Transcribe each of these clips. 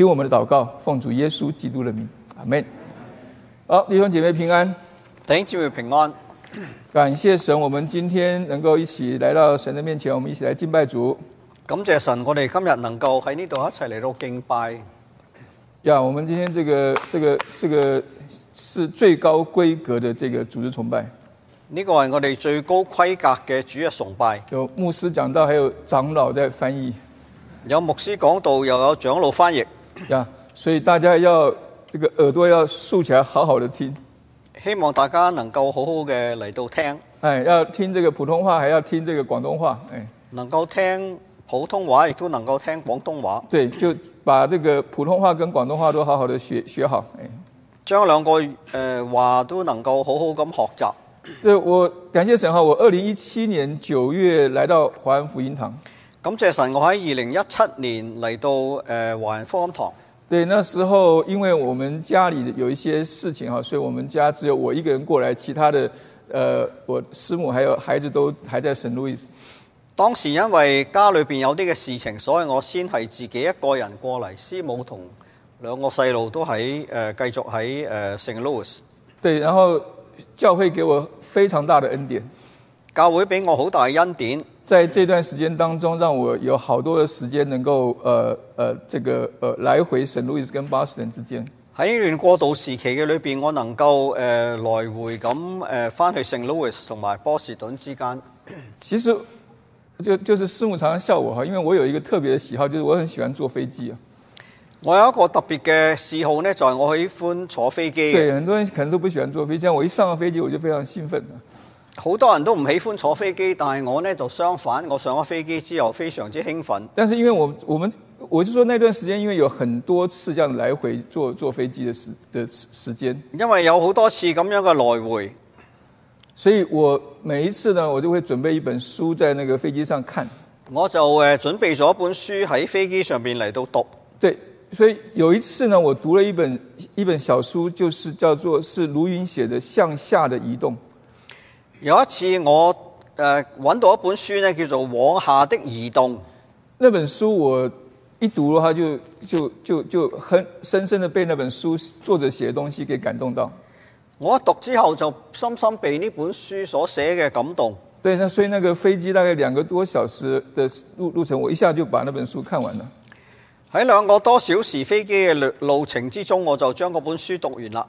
聽我們的禱告，奉主耶穌基督的名。阿門。好，弟兄姐妹平安，弟兄姐妹平安。感謝神，我們今天能夠一起來到神的面前，我們一起來敬拜主。感謝神，我哋今日能夠喺呢度一齊嚟到敬拜。呀，我們今天，這，yeah, 我們今天、這個、這個、這個、這個是最高規格的這個主日崇拜。呢、這個係我哋最高規格嘅主日崇拜。有牧師講道，還有長老在翻譯。有牧師講道，又有長老翻譯。呀、yeah，所以大家要這個耳朵要豎起來，好好的聽。希望大家能夠好好的嚟到聽。誒、哎，要聽這個普通話，還要聽這個廣東話。誒、哎，能夠聽普通話，亦都能夠聽廣東話。對，就把這個普通話跟廣東話都好好的學學好。誒、哎，將兩個誒話，呃、都能夠好好的學習。對，我感謝神號，我二零一七年九月來到華安福音堂。感謝神，我喺二零一七年嚟到誒華人福音堂。對，那時候因為我們家裏有一些事情啊，所以我們家只有我一個人過來，其他的，誒、呃，我師母還有孩子都還在聖路易。當時因為家裏邊有啲嘅事情，所以我先係自己一個人過嚟，師母同兩個細路都喺誒繼續喺誒聖路易。對，然後教會給我非常大的恩典，教會俾我好大嘅恩典。在這段時間當中，讓我有好多的時間能夠，呃，呃，這個，呃，來回聖路易斯跟波士頓之間。喺一段過渡時期嘅裏邊，我能夠，誒，來回咁，誒，翻去聖路易斯同埋波士頓之間。其實，就是、就是師母常常笑我哈，因為我有一個特別的喜好，就是我很喜歡坐飛機啊。我有一個特別嘅嗜好呢，就是、是、我喜歡坐飛機。對，很多人可能都不喜歡坐飛機，我一上到飛機我就非常興奮。好多人都唔喜歡坐飛機，但係我呢就相反，我上咗飛機之後非常之興奮。但是因為我、我們我就說那段時間，時，時間，因為有很多次這樣來回坐坐飛機的時的時間，因為有好多次咁樣嘅來回，所以我每一次呢，我就會準備一本書在那個飛機上看。我就誒、呃、準備咗本書喺飛機上面嚟到讀。對，所以有一次呢，我讀了一本一本小書，就是叫做《是盧雲寫的向下的移動》嗯。有一次我誒、呃、搵到一本書呢，叫做《往下的移動》。那本書我一讀嘅話就，就就就就很深深的被那本書作者寫嘅東西給感動到。我一讀之後就深深被呢本書所寫嘅感動。對，那所以那個飛機大概兩個多小時的路路程，我一下就把那本書看完了。喺兩個多小時飛機嘅路程之中，我就將嗰本書讀完啦。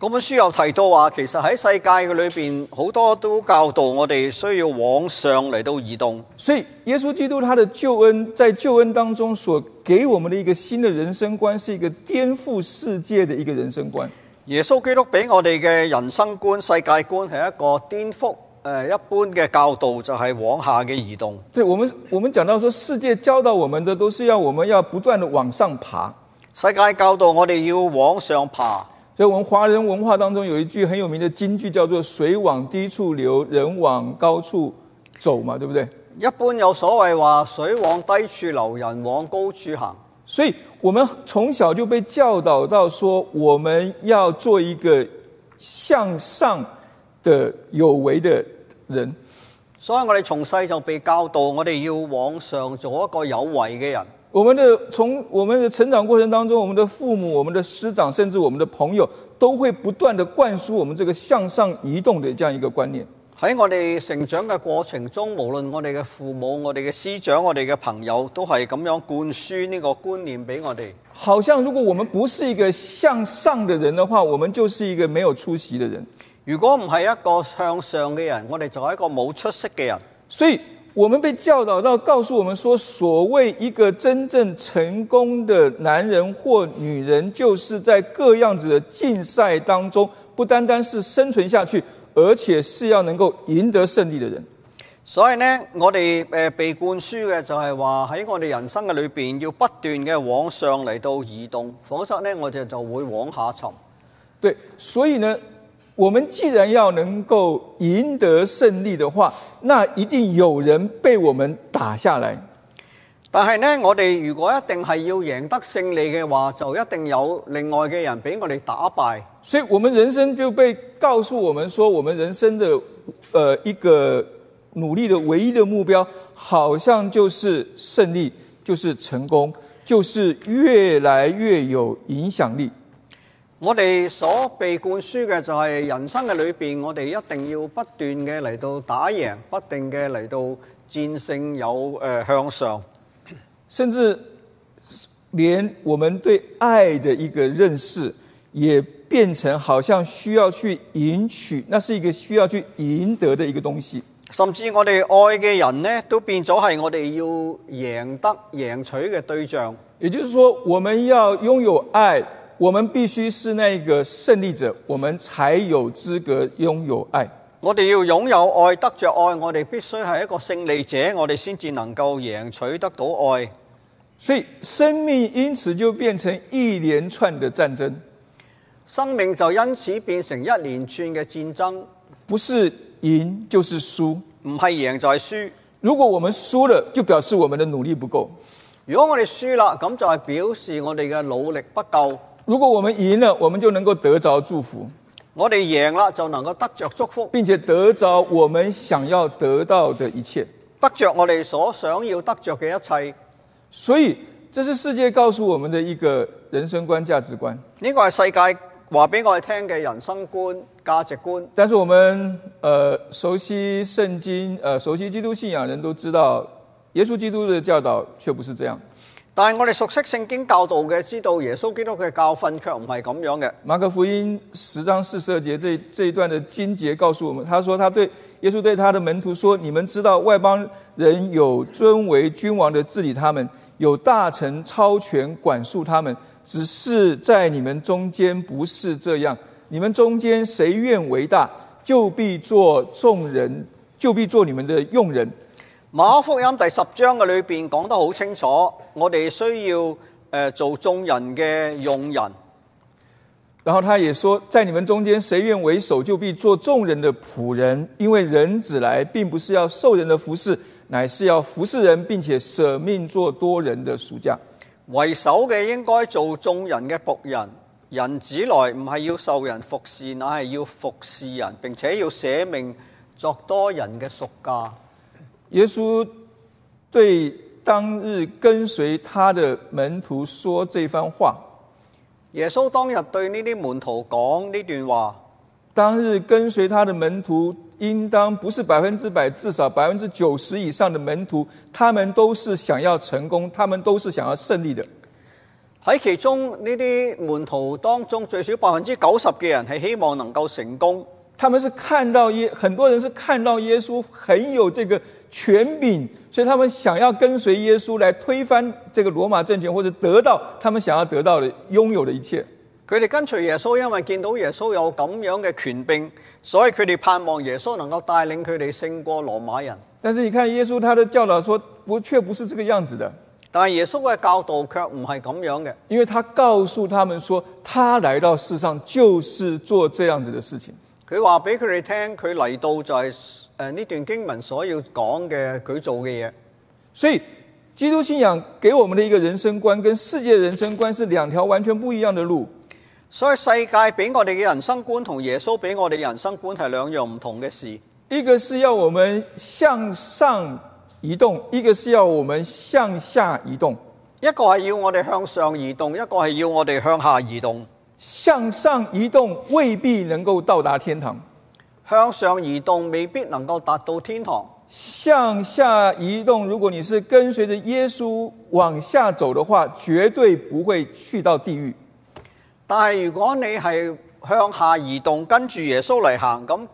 嗰本需有提到啊，其實喺世界嘅裏邊，好多都教導我哋需要往上嚟到移動。所以耶穌基督他的救恩，在救恩當中所給我們的一個新的人生觀，是一個顛覆世界的一個人生觀。耶穌基督俾我哋嘅人生觀、世界觀，係一個顛覆誒一般嘅教導，就是往下嘅移動對。我們，我們講到，說世界教導我們的都是要我們要不斷的往上爬。世界教導我哋要往上爬。在我們華人文化當中有一句很有名的金句，叫做“水往低處流，人往高處走”嘛，對不對？一般有所謂話，水往低處流，人往高處行。所以我們從小就被教導到說，我們要做一個向上的、的有為的人。所以我哋從細就被教導，我哋要往上做一個有為的人。我們的，從我們的成長過程當中，我們的父母、我們的師長，甚至我們的朋友，都會不斷地灌輸我們這個向上移動的這樣一個觀念。喺我哋成長嘅過程中，無論我哋嘅父母、我哋嘅師長、我哋嘅朋友，都係咁樣灌輸呢個觀念俾我哋。好像如果我們不是一個向上的人的話，我們就是一個沒有出息的人。如果唔係一個向上嘅人，我哋就係一個冇出息嘅人。所以。我們被教導到，告訴我們說，所謂一個真正成功的男人或女人，就是在各樣子的競賽當中，不單單是生存下去，而且是要能夠贏得勝利的人。所以呢，我哋誒被灌輸嘅就係話喺我哋人生嘅裏面，要不斷嘅往上嚟到移動，否則呢，我哋就會往下沉。對，所以呢。我們既然要能夠贏得勝利的話，那一定有人被我們打下來。但係呢，我哋如果一定係要贏得勝利嘅話，就一定有另外嘅人俾我哋打敗。所以，我們人生就被告訴我們說，我們人生的，呃，一個努力的唯一的目標，好像就是勝利，就是成功，就是越來越有影響力。我哋所被灌輸嘅就係人生嘅裏邊，我哋一定要不斷嘅嚟到打贏，不斷嘅嚟到戰勝有誒、呃、向上，甚至連我們對愛嘅一個認識，也變成好像需要去贏取，那是一個需要去贏得嘅一個東西。甚至我哋愛嘅人呢，都變咗係我哋要贏得、贏取嘅對象。也就是說，我們要擁有愛。我們必須是那個勝利者，我們才有資格擁有愛。我哋要擁有愛，得着愛，我哋必須係一個勝利者，我哋先至能夠贏取得到愛。所以生命因此就變成一連串的戰爭，生命就因此變成一連串嘅戰爭，不是贏就是輸，唔係贏再、就是、輸。如果我們輸了，就表示我們的努力不夠。如果我哋輸了，咁就係表示我哋嘅努力不夠。如果我們贏了，我們就能夠得着祝福。我哋贏了，就能夠得着祝福，並且得着我們想要得到的一切，得着我哋所想要得着嘅一切。所以，這是世界告訴我們的一個人生觀價值觀。呢個係世界話俾我哋聽嘅人生觀價值觀。但是，我們呃熟悉聖經呃熟悉基督信仰人都知道，耶穌基督嘅教導卻不是這樣。但我哋熟悉聖經教導嘅，知道耶穌基督嘅教訓，卻唔係咁樣嘅。馬可福音十章四十二節，這這一段嘅經節告訴我們，他說，他對耶穌對他的門徒說，你們知道外邦人有尊為君王的治理他們，有大臣操權管束他們，只是在你們中間不是這樣。你們中間誰願為大，就必做眾人，就必做你們的用人。馬可福音第十章嘅裏邊講得好清楚。我哋需要誒、呃、做眾人嘅用人，然後他也說：在你們中間，誰願為首，就必做眾人的僕人，因為人子來，並不是要受人的服侍，乃是要服侍人，並且捨命做多人的贖價，為首嘅應該做眾人嘅僕人，人子來唔係要受人服侍，乃係要服侍人，並且要捨命作多人嘅贖價。耶穌對當日跟隨他的門徒說這番話，耶穌當日對呢啲門徒講呢段話。當日跟隨他的門徒，應當不是百分之百，至少百分之九十以上的門徒，他們都是想要成功，他們都是想要勝利的。喺其中呢啲門徒當中，最少百分之九十嘅人係希望能夠成功。他們是看到耶，很多人是看到耶穌很有這個權柄，所以他們想要跟隨耶穌來推翻這個羅馬政權，或者得到他們想要得到的、擁有的一切。佢哋跟隨耶穌，因為見到耶穌有咁樣嘅權柄，所以佢哋盼望耶穌能夠帶領佢哋勝過羅馬人。但是你看耶穌他的教導說，不，卻不是這個樣子的。但耶穌嘅教導卻唔係咁樣嘅，因為他告訴他們說，他來到世上就是做這樣子的事情。佢話俾佢哋聽，佢嚟到就係誒呢段經文所要講嘅佢做嘅嘢，所以基督信仰給我們的一個人生觀，跟世界人生觀是兩條完全不一樣的路。所以世界俾我哋嘅人生觀同耶穌俾我哋人生觀係兩樣唔同嘅事。一個是要我們向上移動，一個是要我們向下移動。一個係要我哋向上移動，一個係要我哋向下移動。向上移動未必能夠到達天堂，向上移動未必能夠達到天堂。向下移動，如果你是跟隨着耶穌往下走的話，絕對不會去到地獄。但如果你係向下移動，跟住耶穌嚟行，咁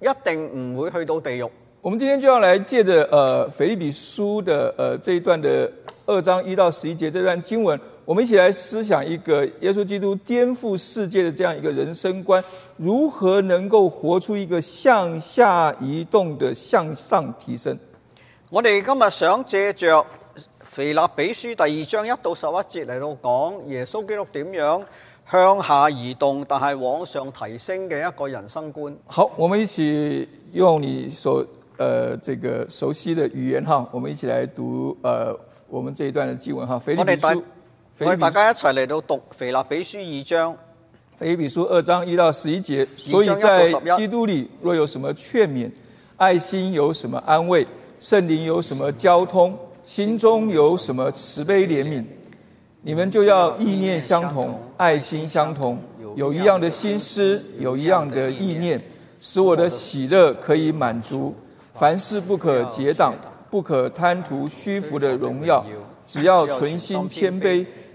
一定唔會去到地獄。我們今天就要來借着呃腓立比書的呃這一段的二章一到十一節這段經文。我們一起來思想一個耶穌基督顛覆世界的這樣一個人生觀，如何能夠活出一個向下移動的向上提升？我哋今日想借着《腓立比書》第二章一到十一節嚟到講耶穌基督點樣向下移動，但係往上提升嘅一個人生觀。好，我們一起用你所誒、呃、這個熟悉的語言哈，我們一起來讀誒、呃、我們這一段嘅經文哈，《腓立比書》。我哋大家一齊嚟到讀《腓立比書》二章，《腓立比書》二章一到十一節。所以在基督裏若有什麼勸勉、愛心有什麼安慰、聖靈有什麼交通、心中有什麼慈悲憐憫，你們就要意念相同、愛心相同，有一樣的心思，有一樣的意念，使我的喜樂可以滿足。凡事不可結黨，不可貪圖虛浮的榮耀，只要存心謙卑。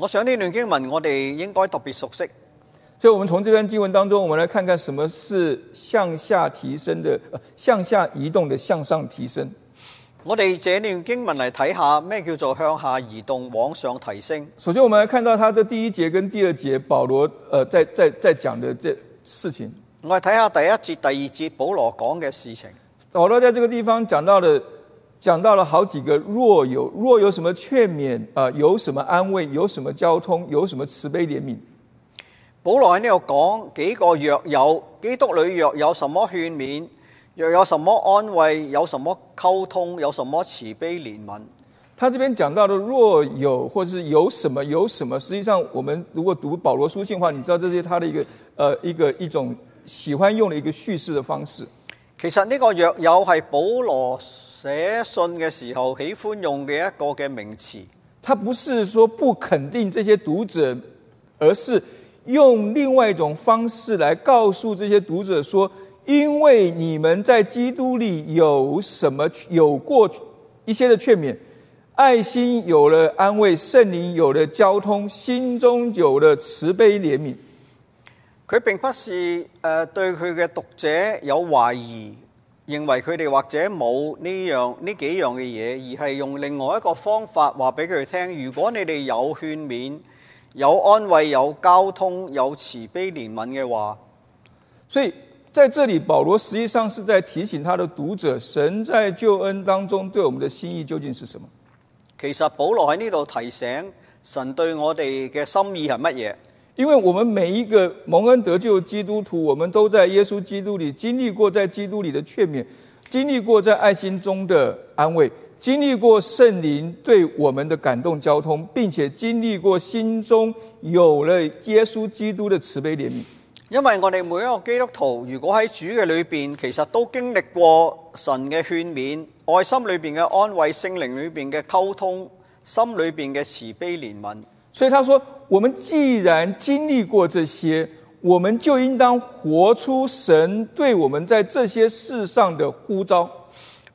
我想呢段經文，我哋應該特別熟悉。就我們從這段經文當中，我們來看看什麼是向下提升的，呃、向下移動的向上提升。我哋這段經文嚟睇下咩叫做向下移動、往上提升。首先，我們來看到它的第一節跟第二節，保羅，呃、在在在，在講的這事情。我哋睇下第一節、第二節，保羅講嘅事情。保羅在這個地方講到的。講到了好幾個若有若有什麼勸勉啊、呃，有什麼安慰，有什麼交通，有什麼慈悲憐憫。保羅喺呢度講幾個若有基督裏若有什麼勸勉，若有什麼安慰，有什麼溝通，有什麼慈悲憐憫。他這邊講到的若有，或者是有什麼有什麼，實際上我們如果讀保羅書信的話，你知道這是他的一個，呃、一個一種喜歡用的一個敘事的方式。其實呢個若有係保羅。寫信嘅時候喜歡用嘅一個嘅名詞，他不是說不肯定這些讀者，而是用另外一種方式來告訴這些讀者說，因為你們在基督裏有什麼，有過一些的勸勉，愛心有了安慰，聖靈有了交通，心中有了慈悲憐憫，佢並不是誒、呃、對佢嘅讀者有懷疑。認為佢哋或者冇呢樣、呢幾樣嘅嘢，而係用另外一個方法話俾佢哋聽。如果你哋有勸勉、有安慰、有交通、有慈悲憐憫嘅話，所以在這裏保羅實際上是在提醒他的讀者，神在救恩當中對我們的心意究竟是什麼？其實保羅喺呢度提醒神對我哋嘅心意係乜嘢？因為我們每一個蒙恩得救基督徒，我們都在耶穌基督裏經歷過在基督裏的勸勉，經歷過在愛心中的安慰，經歷過聖靈對我們的感動交通，並且經歷過心中有了耶穌基督的慈悲憐憫。因為我哋每一個基督徒，如果喺主嘅裏邊，其實都經歷過神嘅勸勉、愛心裏邊嘅安慰、聖靈裏邊嘅溝通、心裏邊嘅慈悲憐憫。所以他說。我們既然經歷過這些，我們就應當活出神對我們在這些事上的呼召。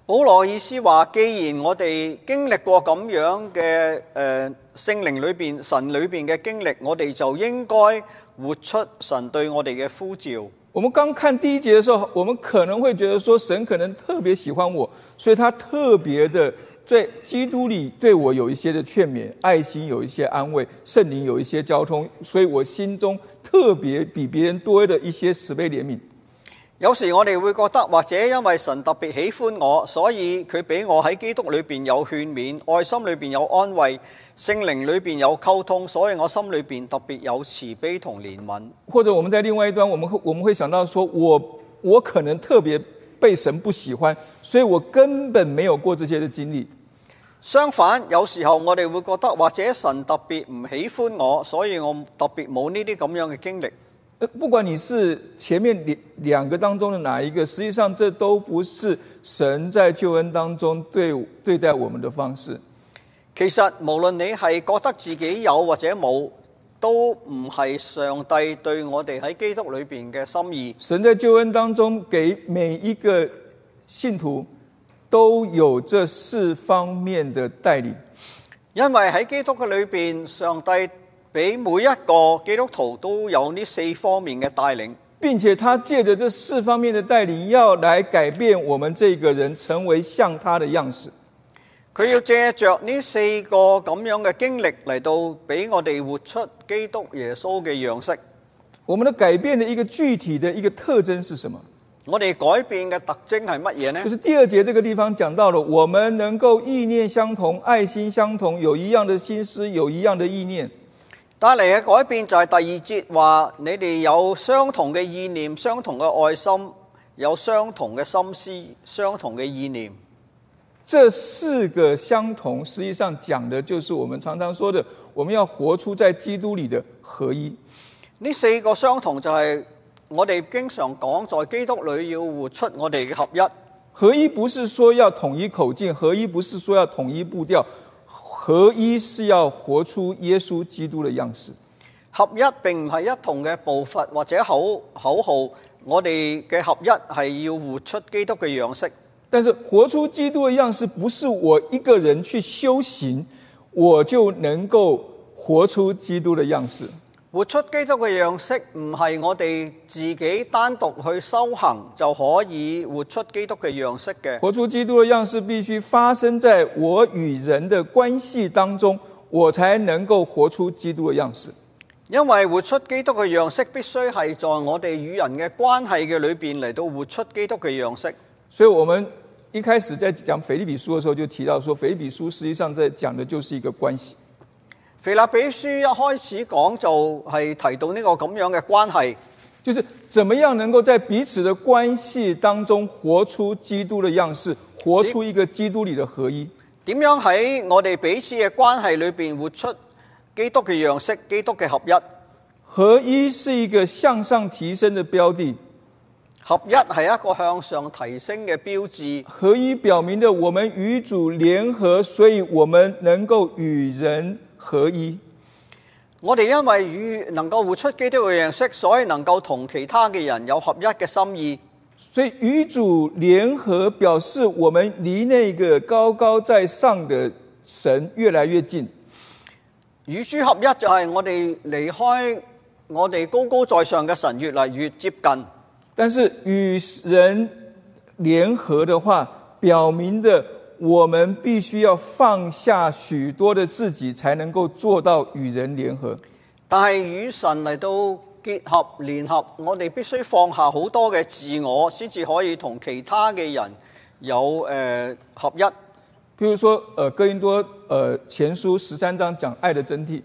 保羅的意思話，既然我哋經歷過咁樣嘅誒、呃、聖靈裏邊、神裏邊嘅經歷，我哋就應該活出神對我哋嘅呼召。我們剛看第一節嘅時候，我們可能會覺得說，神可能特別喜歡我，所以他特別的。對基督裏對我有一些的勸勉、愛心有一些安慰、聖靈有一些交通，所以我心中特別比別人多了一些慈悲憐憫。有時我哋會覺得，或者因為神特別喜歡我，所以佢俾我喺基督裏邊有勸勉、愛心裏邊有安慰、聖靈裏邊有溝通，所以我心裏邊特別有慈悲同憐憫。或者我們在另外一端，我們我們會想到說我我可能特別。被神不喜歡，所以我根本沒有過這些的經歷。相反，有時候我哋會覺得，或者神特別唔喜歡我，所以我特別冇呢啲咁樣嘅經歷。不管你是前面兩兩個當中的哪一個，實際上這都不是神在救恩當中對對待我們的方式。其實無論你係覺得自己有或者冇。都唔係上帝對我哋喺基督裏邊嘅心意。神在救恩當中，給每一個信徒都有這四方面的帶領。因為喺基督嘅裏邊，上帝俾每一個基督徒都有呢四方面嘅帶領，並且他借着這四方面的帶領，要來改變我們這個人，成為像他的樣式。佢要借着呢四個咁樣嘅經歷嚟到俾我哋活出基督耶穌嘅樣式。我們的改變的一個具體的一個特徵是什麼？我哋改變嘅特徵係乜嘢呢？就是第二節這個地方講到了，我們能夠意念相同、愛心相同、有一樣的心思、有一樣的意念。帶嚟嘅改變就係第二節話，說你哋有相同嘅意念、相同嘅愛心、有相同嘅心思、相同嘅意念。這四個相同，實際上講的就是我們常常說的，我們要活出在基督裏的合一。呢四個相同就係我哋經常講，在基督裏要活出我哋嘅合一。合一不是說要統一口徑，合一不是說要統一步調，合一是要活出耶穌基督的樣式。合一並唔係一同嘅步伐或者口口號，我哋嘅合一係要活出基督嘅樣式。但是活出基督的樣式，不是我一個人去修行，我就能夠活出基督的樣式。活出基督嘅樣式唔係我哋自己單獨去修行就可以活出基督嘅樣式嘅。活出基督嘅樣式必須發生在我與人的關係當中，我才能夠活出基督嘅樣式。因為活出基督嘅樣式必須係在我哋與人嘅關係嘅裏邊嚟，到活出基督嘅樣式。所以，我們。一開始在講腓立比書的時候就提到說，腓立比書實際上在講的就是一個關係。腓立比書一開始講就係提到呢個咁樣嘅關係，就是怎麼樣能夠在彼此的關係當中活出基督的樣式，活出一個基督裏的合一。點樣喺我哋彼此嘅關係裏邊活出基督嘅樣式、基督嘅合一？合一是一個向上提升的標的。合一係一個向上提升嘅標誌，合一表明咗我們與主聯合，所以我們能夠與人合一。我哋因為與能夠活出基督嘅認識，所以能夠同其他嘅人有合一嘅心意。所以與主聯合表示我們離那個高高在上的神越來越近。與主合一就係我哋離開我哋高高在上嘅神，越嚟越接近。但是與人聯合的話，表明的，我們必須要放下許多的自己，才能夠做到與人聯合。但係與神嚟到結合聯合，我哋必須放下好多嘅自我，先至可以同其他嘅人有誒、呃、合一。譬如說，誒、呃、哥林多誒、呃、前書十三章講愛的真諦。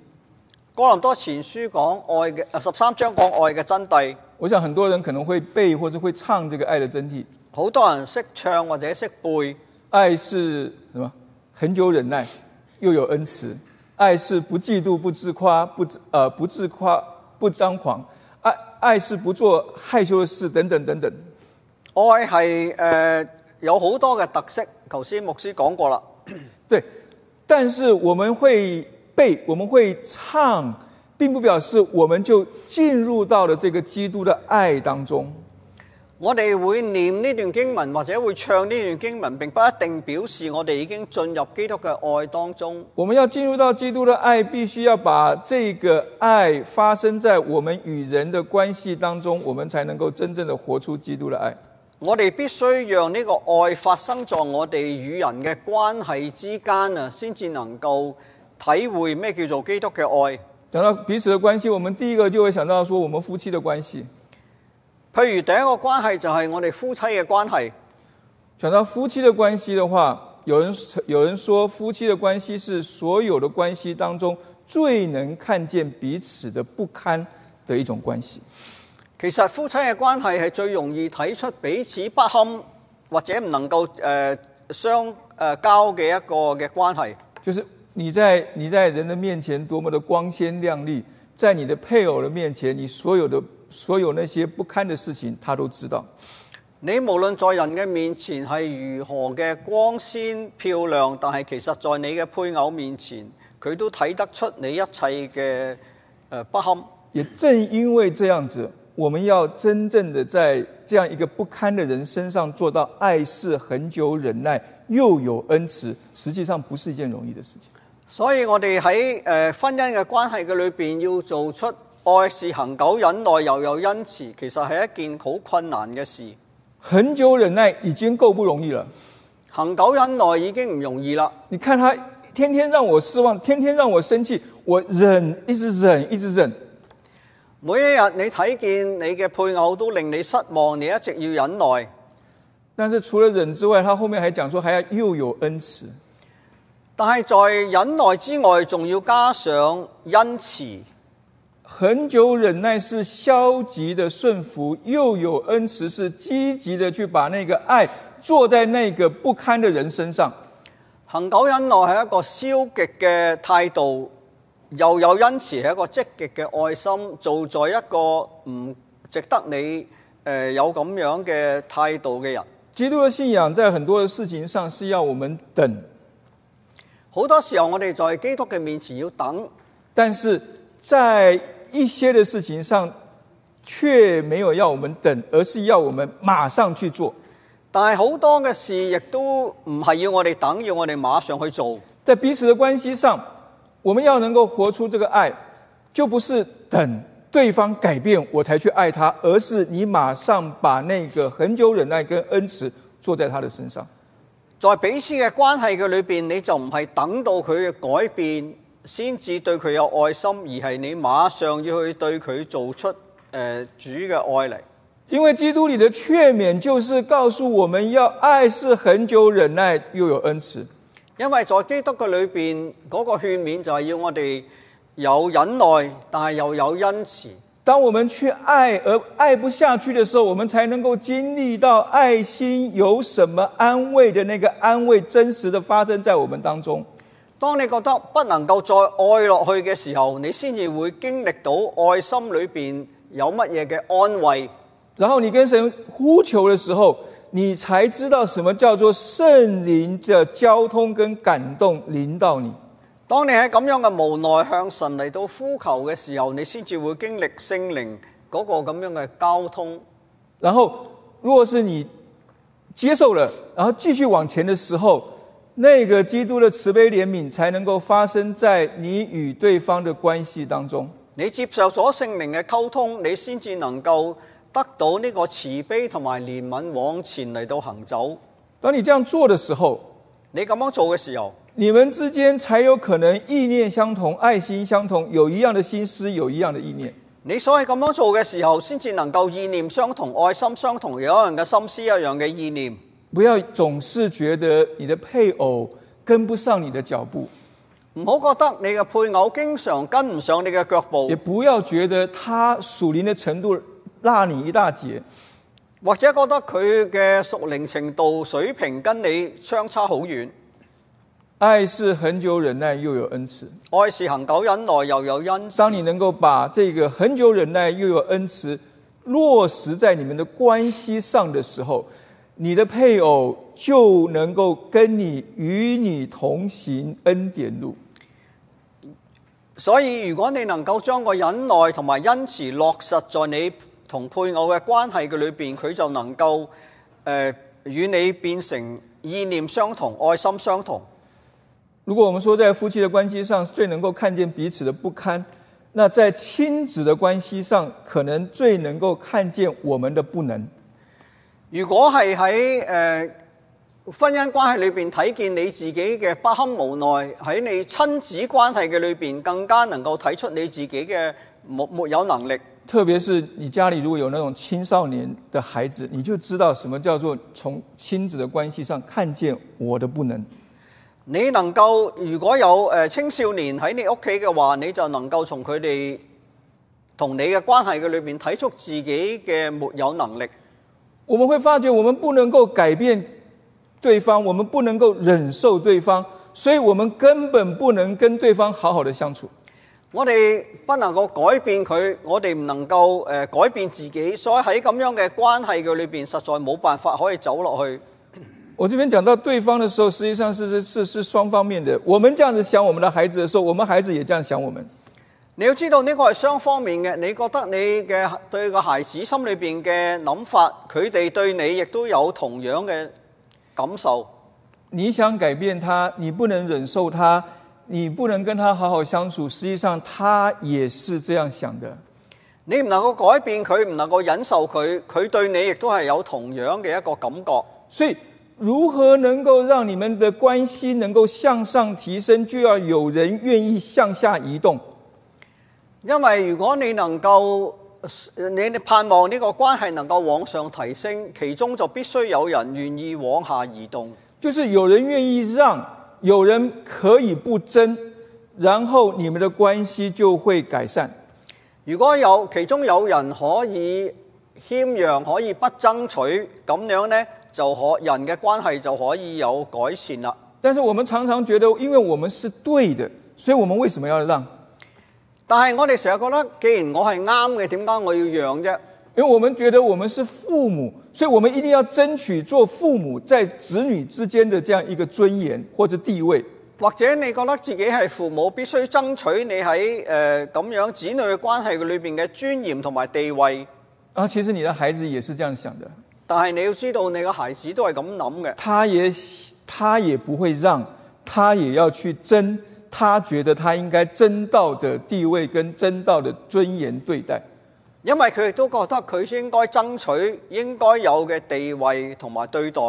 哥林多前書講愛嘅，十三章講愛嘅真諦。我想很多人可能會背或者會唱這個愛的真諦。好多人識唱或者識背。愛是什麼？很久忍耐，又有恩慈。愛是不嫉妒、不自誇、不呃不自誇、不張狂。愛是不做害羞的事等等等等。愛係有好多嘅特色，頭先牧師講過啦。對，但是我們會背，我們會唱。並不表示我們就進入到了這個基督的愛當中。我哋會念呢段經文或者會唱呢段經文，並不一定表示我哋已經進入基督嘅愛當中。我們要進入到基督的愛，必須要把這個愛發生在我們與人的關係當中，我們才能夠真正地活出基督的愛。我哋必須讓呢個愛發生在我哋與人嘅關係之間啊，先至能夠體會咩叫做基督嘅愛。講到彼此的關係，我們第一個就會想到說，我們夫妻的關係。譬如第一個關係就係我哋夫妻嘅關係。講到夫妻的關係嘅話，有人有人說夫妻的關係是所有的關係當中最能看見彼此的不堪的一種關係。其實夫妻嘅關係係最容易睇出彼此不堪或者唔能夠誒、呃、相誒、呃、交嘅一個嘅關係。就是。你在你在人的面前多麼的光鮮亮麗，在你的配偶的面前，你所有的所有那些不堪的事情，他都知道。你無論在人的面前係如何嘅光鮮漂亮，但係其實在你嘅配偶面前，佢都睇得出你一切嘅誒不堪。也正因為這樣子，我們要真正的在這樣一個不堪的人身上做到愛是恒久忍耐，又有恩慈，實際上不是一件容易的事情。所以我哋喺誒婚姻嘅關係嘅裏邊，要做出愛是恆久忍耐，又有恩慈，其實係一件好困難嘅事。恆久忍耐已經夠不容易了，恆久忍耐已經唔容易啦。你看他天天讓我失望，天天讓我生氣，我忍，一直忍，一直忍。每一日你睇見你嘅配偶都令你失望，你一直要忍耐。但是除了忍之外，他後面還講說，還要又有恩慈。但係在忍耐之外，仲要加上恩慈。很久忍耐是消極的順服，又有恩慈是積極的去把那個愛做在那個不堪的人身上。恒久忍耐係一個消極嘅態度，又有恩慈係一個積極嘅愛心，做在一個唔值得你有咁樣嘅態度嘅人。基督嘅信仰在很多嘅事情上是要我們等。好多時候我哋在基督嘅面前要等，但是在一些嘅事情上，却沒有要我們等，而是要我們馬上去做。但係好多嘅事亦都唔係要我哋等，要我哋馬上去做。在彼此的關係上，我們要能夠活出這個愛，就不是等對方改變我才去愛他，而是你馬上把那個恒久忍耐跟恩慈做在他的身上。在彼此嘅關係嘅裏邊，你就唔係等到佢嘅改變先至對佢有愛心，而係你馬上要去對佢做出誒、呃、主嘅愛嚟。因為基督裏的勸勉就是告訴我們要愛是恆久忍耐又有恩慈。因為在基督嘅裏邊嗰個勸勉就係要我哋有忍耐，但係又有恩慈。當我們去愛而愛不下去的時候，我們才能夠經歷到愛心有什麼安慰的那個安慰，真實的發生在我們當中。當你覺得不能夠再愛落去的時候，你先至會經歷到愛心裏邊有乜嘢嘅安慰，然後你跟神呼求的時候，你才知道什麼叫做聖靈的交通跟感動臨到你。當你喺咁樣嘅無奈向神嚟到呼求嘅時候，你先至會經歷聖靈嗰個咁樣嘅交通。然後，若是你接受了，然後繼續往前嘅時候，那個基督的慈悲憐憫才能夠發生在你與對方的關係當中。你接受咗聖靈嘅溝通，你先至能夠得到呢個慈悲同埋憐憫往前嚟到行走。當你這樣做的時候，你咁樣做嘅時候。你們之間才有可能意念相同、愛心相同，有一樣的心思，有一樣的意念。你所以咁樣做嘅時候，先至能夠意念相同、愛心相同，有一樣嘅心思，一樣嘅意念。不要總是覺得你的配偶跟不上你的腳步，唔好覺得你嘅配偶經常跟唔上你嘅腳步，也不要覺得他屬靈的程度拉你一大截，或者覺得佢嘅屬靈程度水平跟你相差好遠。愛是恆久忍耐又有恩慈，愛是恆久忍耐又有恩慈。當你能夠把這個恆久忍耐又有恩慈落實在你們的關係上的時候，你的配偶就能夠跟你與你同行恩典路。所以如果你能夠將個忍耐同埋恩慈落實在你同配偶嘅關係嘅裏邊，佢就能夠誒與你變成意念相同、愛心相同。如果我們說在夫妻的關係上最能夠看見彼此的不堪，那在親子的關係上可能最能夠看見我們的不能。如果係喺、呃、婚姻關係裡面睇見你自己嘅不堪無奈，喺你親子關係嘅裡面更加能夠睇出你自己嘅冇沒有能力。特別是你家裡如果有那種青少年的孩子，你就知道什麼叫做從親子的關係上看見我的不能。你能夠如果有誒、呃、青少年喺你屋企嘅話，你就能夠從佢哋同你嘅關係嘅裏邊睇出自己嘅沒有能力。我們會發覺，我們不能夠改變對方，我們不能夠忍受對方，所以我們根本不能跟對方好好的相處。我哋不能夠改變佢，我哋唔能夠誒、呃、改變自己，所以喺咁樣嘅關係嘅裏邊，實在冇辦法可以走落去。我這邊講到對方的時候，實際上是是是是雙方面的。我們這樣子想我們的孩子的時候，我們孩子也這樣想我們。你要知道呢個係雙方面嘅。你覺得你嘅對個孩子心裏邊嘅諗法，佢哋對你亦都有同樣嘅感受。你想改變他，你不能忍受他，你不能跟他好好相處。實際上，他也是這樣想的。你唔能夠改變佢，唔能夠忍受佢，佢對你亦都係有同樣嘅一個感覺。所以。如何能夠讓你們的關係能夠向上提升，就要有人願意向下移動。因為如果你能夠，你盼望呢個關係能夠往上提升，其中就必須有人願意往下移動。就是有人願意讓，有人可以不爭，然後你們的關係就會改善。如果有其中有人可以謙讓，可以不爭取，咁樣呢？就可人嘅關係就可以有改善啦。但是我們常常覺得，因為我們是對的，所以我們為什麼要讓？但係我哋成日覺得，既然我係啱嘅，點解我要讓啫？因為我們覺得我們是父母，所以我們一定要爭取做父母在子女之間的這樣一個尊嚴或者地位。或者你覺得自己係父母，必須爭取你喺誒咁樣子女嘅關係裏邊嘅尊嚴同埋地位。啊，其實你的孩子也是這樣想的。但係你要知道，你嘅孩子都係咁諗嘅。他也他也不會讓，他也要去爭。他覺得他應該爭到的地位跟爭到的尊嚴對待，因為佢都覺得佢應該爭取應該有嘅地位同埋對待。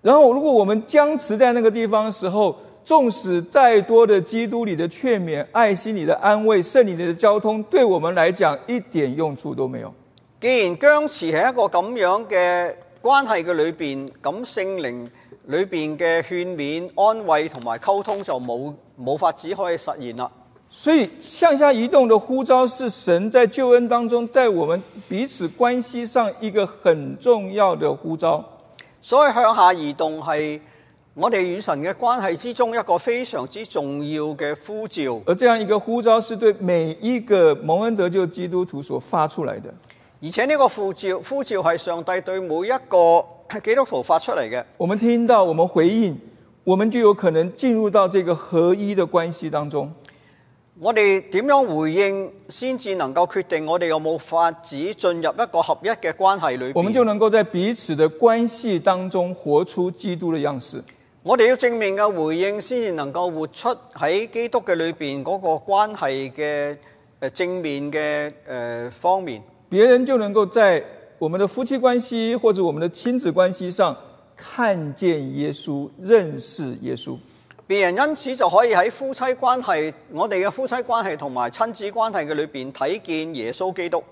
然後如果我們僵持在那個地方的時候，縱使再多的基督裏的勸勉、愛心裏的安慰、聖靈的交通，對我們來講一點用處都沒有。既然僵持喺一個咁樣嘅關係嘅裏邊，咁聖靈裏邊嘅勸勉、安慰同埋溝通就冇冇法子可以實現啦。所以向下移動的呼召是神在救恩當中，在我們彼此關係上一個很重要的呼召。所以向下移動係我哋與神嘅關係之中一個非常之重要嘅呼召。而這樣一個呼召是對每一個蒙恩得救基督徒所發出來的。而且呢個呼召，呼召係上帝對每一個基督徒發出嚟嘅。我們聽到，我們回應，我們就有可能進入到這個合一的關係當中。我哋點樣回應，先至能夠決定我哋有冇法子進入一個合一嘅關係裏邊。我們就能夠在彼此的關係當中活出基督的樣式。我哋要正面嘅回應，先至能夠活出喺基督嘅裏邊嗰個關係嘅、呃、正面嘅誒、呃、方面。別人就能夠在我們的夫妻關係或者我們的親子關係上看見耶穌、認識耶穌，別人因此就可以喺夫妻關係、我哋嘅夫妻關係同埋親子關係嘅裏邊睇見耶穌基督。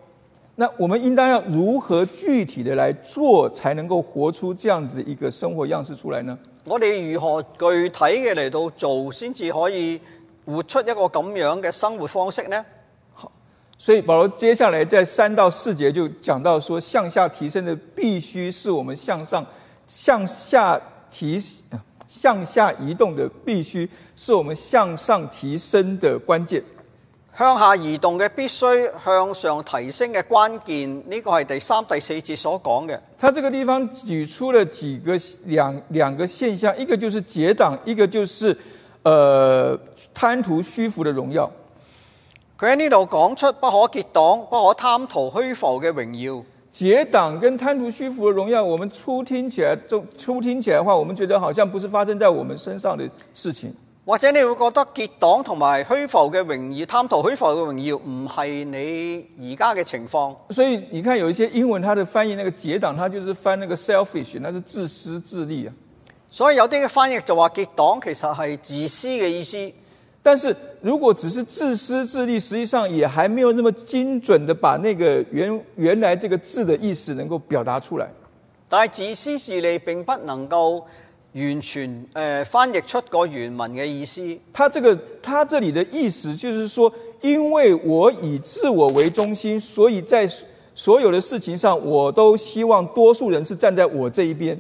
那我們應當要如何具體地來做，才能夠活出這樣子的一個生活樣式出來呢？我哋如何具體嘅嚟到做，先至可以活出一個咁樣嘅生活方式呢？所以保羅接下來在三到四節就講到說，向下提升的必須是我們向上向下提向下移動的必須是我們向上提升的關鍵。向下移動嘅必須向上提升嘅關鍵，呢、這個係第三、第四節所講嘅。他這個地方舉出了幾個兩兩個現象，一個就是結黨，一個就是呃貪圖虛浮的榮耀。佢喺呢度講出不可結黨，不可貪圖虛浮嘅榮耀。結黨跟貪圖虛浮嘅榮耀，我們初聽起來就初聽起來話，我們覺得好像不是發生在我們身上的事情。或者你會覺得結黨同埋虛浮嘅榮耀，貪圖虛浮嘅榮耀，唔係你而家嘅情況。所以你看，有一些英文，它的翻譯，那個結黨，它就是翻那個 selfish，那是自私自利啊。所以有啲嘅翻譯就話結黨其實係自私嘅意思。但是如果只是自私自利，實際上也還沒有那麼精準的把那個原原來這個字的意思能夠表達出來。但是自私自利並不能夠完全誒、呃、翻譯出個原文嘅意思。他這個他這裡的意思就是說，因為我以自我為中心，所以在所有的事情上，我都希望多數人是站在我這一邊。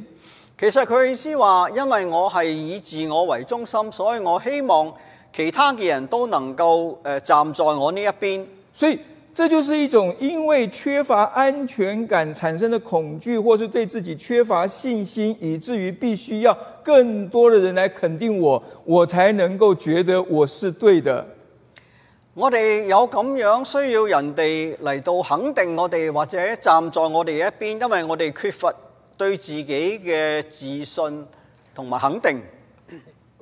其實佢意思話，因為我係以自我為中心，所以我希望。其他嘅人都能夠誒、呃、站在我呢一邊，所以這就是一種因為缺乏安全感產生的恐懼，或是對自己缺乏信心，以至於必須要更多的人來肯定我，我才能夠覺得我是對的。我哋有咁樣需要人哋嚟到肯定我哋，或者站在我哋一邊，因為我哋缺乏對自己嘅自信同埋肯定。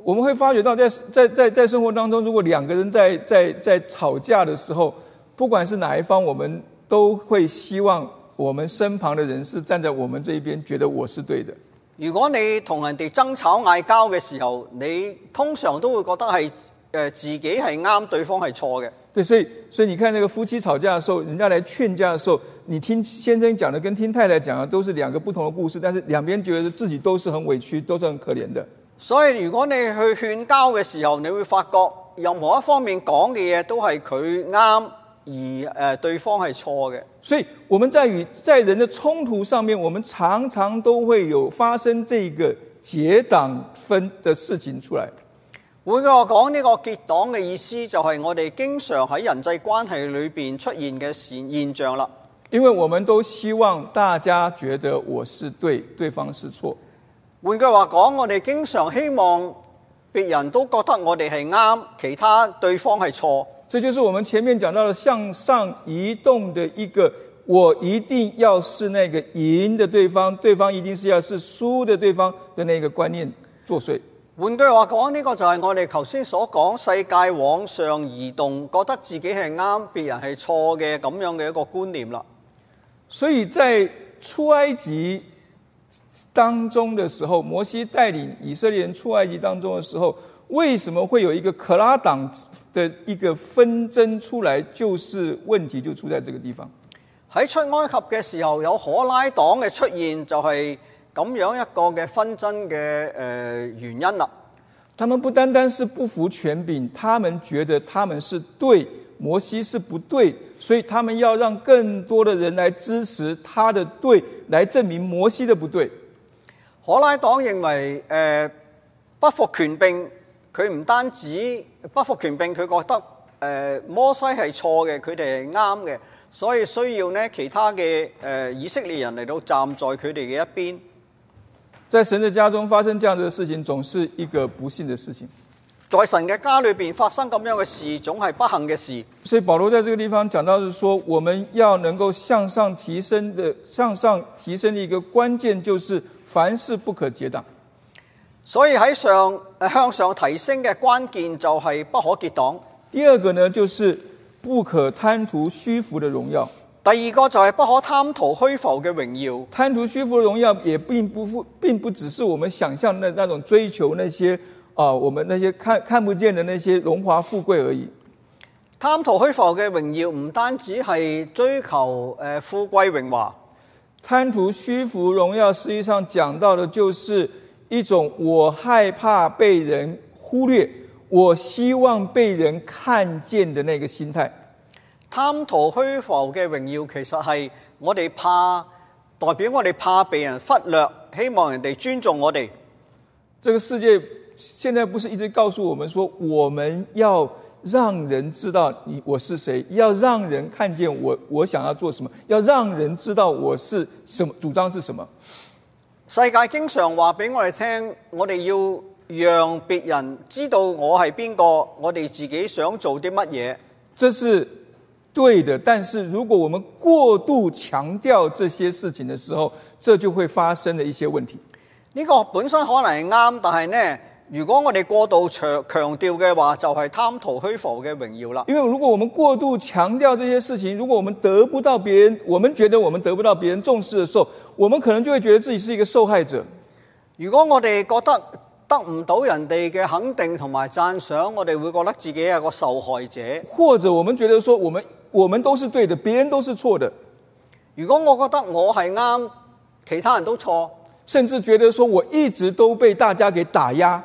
我們會發覺到在，在在在在生活當中，如果兩個人在在在吵架的時候，不管是哪一方，我們都會希望我們身旁的人是站在我們這一邊，覺得我是對的。如果你同人哋爭吵嗌交嘅時候，你通常都會覺得係誒、呃、自己係啱，對方係錯嘅。對，所以所以你看那個夫妻吵架嘅時候，人家來勸架嘅時候，你聽先生講的跟聽太太講嘅都是兩個不同的故事，但是兩邊覺得自己都是很委屈，都是很可憐的。所以如果你去勸交嘅時候，你會發覺任何一方面講嘅嘢，都係佢啱，而誒對方係錯嘅。所以我們在與在人的衝突上面，我們常常都會有發生這個結黨分的事情出來。每個講呢個結黨嘅意思，就係我哋經常喺人際關係裏邊出現嘅現現象啦。因為我們都希望大家覺得我是對，對方是錯。換句話講，我哋經常希望別人都覺得我哋係啱，其他對方係錯。這就是我們前面講到的向上移動的一個，我一定要是那個贏的對方，對方一定是要是輸的對方的那個觀念作祟。換句話講，呢個就係我哋頭先所講世界往上移動，覺得自己係啱，別人係錯嘅咁樣嘅一個觀念啦。所以在出埃及。當中的時候，摩西帶領以色列人出埃及當中的時候，為什麼會有一個可拉黨的一個紛爭出來？就是問題就出在這個地方。喺出埃及嘅時候，有可拉黨嘅出現，就係咁樣一個嘅紛爭嘅誒原因啦。他們不單單是不服權柄，他們覺得他們是對，摩西是不對，所以他們要讓更多的人來支持他的對，來證明摩西的不對。可拉黨認為，誒、呃，不服權柄，佢唔單止不服權柄，佢覺得，誒、呃，摩西係錯嘅，佢哋係啱嘅，所以需要呢其他嘅誒、呃、以色列人嚟到站在佢哋嘅一邊。在神嘅家中發生這樣子嘅事情，總是一個不幸嘅事情。在神嘅家裏邊發生咁樣嘅事，總係不幸嘅事。所以保羅在這個地方講到，就說我們要能夠向上提升的，向上提升的一個關鍵就是。凡事不可結黨，所以喺上向上提升嘅關鍵就係不可結黨。第二個呢，就是不可貪圖虛浮的榮耀。第二個就係不可貪圖虛浮嘅榮耀。貪圖虛浮的榮耀，也並不並不只是我們想象，的那種追求那些啊、呃，我們那些看看不見的那些榮華富貴而已。貪圖虛浮嘅榮耀唔單止係追求誒、呃、富貴榮華。貪圖虛浮榮耀，實際上講到的就是一種我害怕被人忽略，我希望被人看見的那個心態。貪圖虛浮的榮耀，其實是我哋怕代表我哋怕被人忽略，希望人哋尊重我哋。這個世界現在不是一直告訴我們說，我們要。讓人知道你我是誰，要讓人看見我我想要做什麼，要讓人知道我是什麼主張是什麼。世界經常話俾我哋聽，我哋要讓別人知道我係邊個，我哋自己想做啲乜嘢，這是對的。但是如果我們過度強調這些事情的時候，這就會發生了一些問題。呢個本身可能係啱，但係呢？如果我哋過度強強調嘅話，就係、是、貪圖虛浮嘅榮耀啦。因為如果我們過度強調這些事情，如果我們得不到別人，我們覺得我們得不到別人重視嘅時候，我們可能就會覺得自己是一個受害者。如果我哋覺得得唔到人哋嘅肯定同埋讚賞，我哋會覺得自己係個受害者。或者我們覺得說，我們我們都是對的，別人都是錯的。如果我覺得我係啱，其他人都錯，甚至覺得說我一直都被大家給打壓。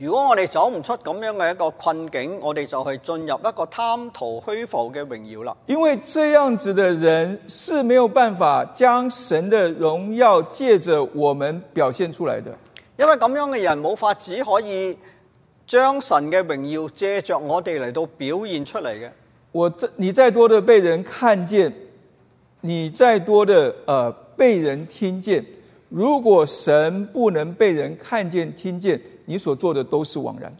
如果我哋走唔出咁樣嘅一個困境，我哋就係進入一個貪圖虛浮嘅榮耀啦。因為這樣子嘅人是沒有辦法將神的榮耀借着我們表現出來的，因為咁樣嘅人冇法只可以將神嘅榮耀借着我哋嚟到表現出來嘅。我你再多的被人看見，你再多的、呃、被人聽見，如果神不能被人看見聽見。你所做的都是枉然。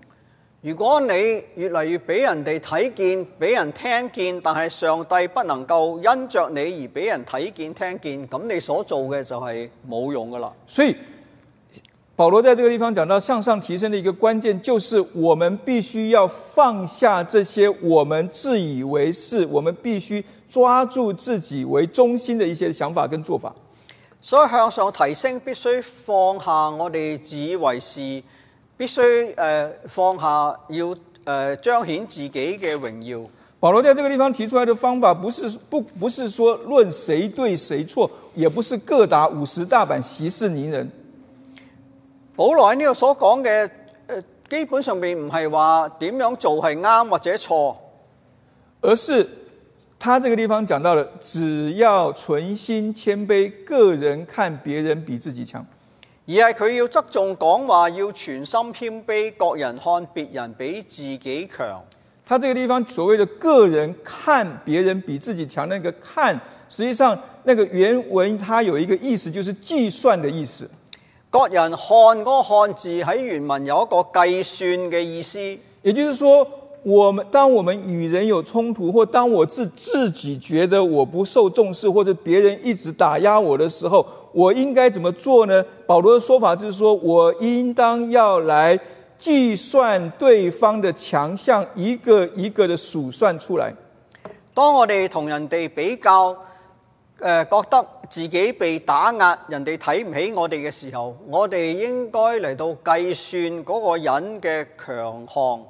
如果你越嚟越俾人哋睇見、俾人聽見，但係上帝不能夠因着你而俾人睇見、聽見，咁你所做嘅就係冇用㗎喇。所以保羅在這個地方講到向上提升的一個關鍵，就是我們必須要放下這些我們自以為是，我們必須抓住自己為中心的一些想法跟做法。所以向上提升必須放下我哋自以為是。必須誒、呃、放下，要誒、呃、彰顯自己嘅榮耀。保羅在這個地方提出來的方法不不，不是不不是說論誰對誰錯，也不是各打五十大板息事寧人。保羅呢個所講嘅、呃，基本上面唔係話點樣做係啱或者錯，而是他這個地方講到嘅，只要存心謙卑，各人看別人比自己強。而係佢要側重講話，要全心謙卑，各人看別人比自己強。他這個地方所謂的個人看別人比自己強，那個看，實際上那個原文，它有一個意思，就是計算的意思。各人看嗰漢字喺原文有一個計算嘅意思，也就是說。我們當我們與人有衝突，或當我自自己覺得我不受重視，或者別人一直打壓我的時候，我應該怎麼做呢？保羅的說法就是說我應當要來計算對方的強項，一個一個的數算出來。當我哋同人哋比較，誒、呃，覺得自己被打壓，人哋睇唔起我哋嘅時候，我哋應該嚟到計算嗰個人嘅強項。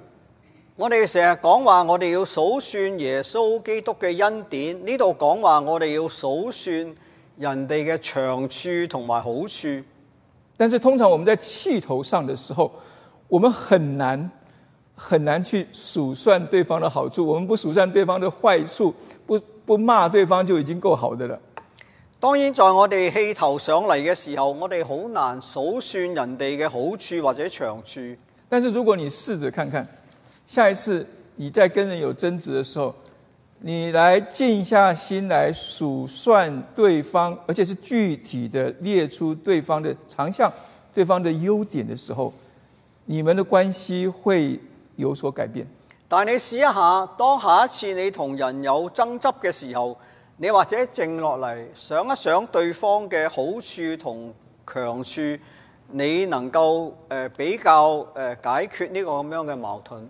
我哋成日講話，我哋要數算耶穌基督嘅恩典。呢度講話，我哋要數算人哋嘅長處同埋好處。但是通常我們在氣頭上的時候，我們很難很難去數算對方的好處。我們不數算對方的壞處，不不罵對方就已經夠好的了。當然，在我哋氣頭上嚟嘅時候，我哋好難數算人哋嘅好處或者長處。但是如果你試着看看。下一次你在跟人有爭執的時候，你來靜下心來數算對方，而且是具體地列出對方的長項、對方的優點的時候，你們的關係會有所改變。但你試一下，當下一次你同人有爭執嘅時候，你或者靜落嚟想一想對方嘅好處同強處，你能夠、呃、比較、呃、解決呢個咁樣嘅矛盾。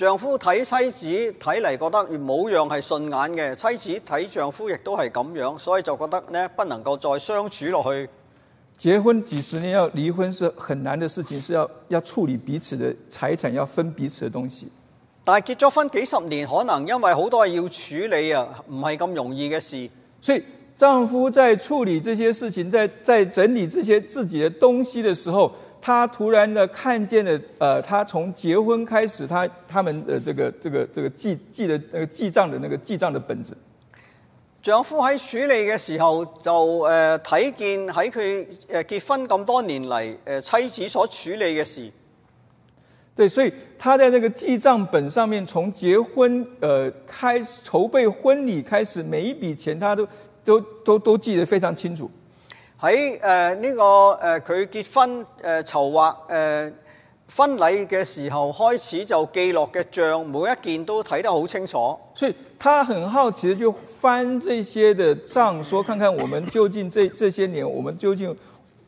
丈夫睇妻子睇嚟覺得冇樣係順眼嘅，妻子睇丈夫亦都係咁樣，所以就覺得呢，不能夠再相處落去。結婚幾十年要離婚是很難的事情，是要要處理彼此的財產，要分彼此的東西。但係結咗婚幾十年，可能因為好多嘢要處理啊，唔係咁容易嘅事。所以丈夫在處理這些事情，在在整理這些自己的東西的時候。他突然的看見了，呃，他從結婚開始，他他們的這個、這個、這個記記的、那個記賬的那個記賬的的本子。丈夫喺處理嘅時候就，就呃睇見喺佢呃結婚咁多年嚟，呃妻子所處理嘅事。對，所以他在那個記賬本上面，從結婚，呃，開始籌備婚禮開始，每一筆錢他都都都都記得非常清楚。喺誒呢個誒佢、呃、結婚誒籌、呃、劃誒、呃、婚禮嘅時候開始就記錄嘅帳，每一件都睇得好清楚。所以他很好奇，就翻這些嘅帳，說看看我們究竟這這些年，我們究竟